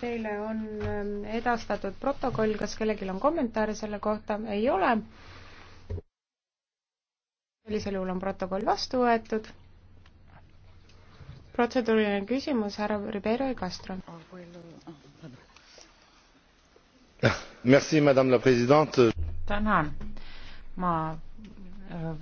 Teile on ähm, edastatud protokoll, kas kellelgi on kommentaare selle kohta? ei ole. sellisel juhul on protokoll vastu võetud. protseduuriline küsimus, härra Ribeiro Castro. tänan, ma äh,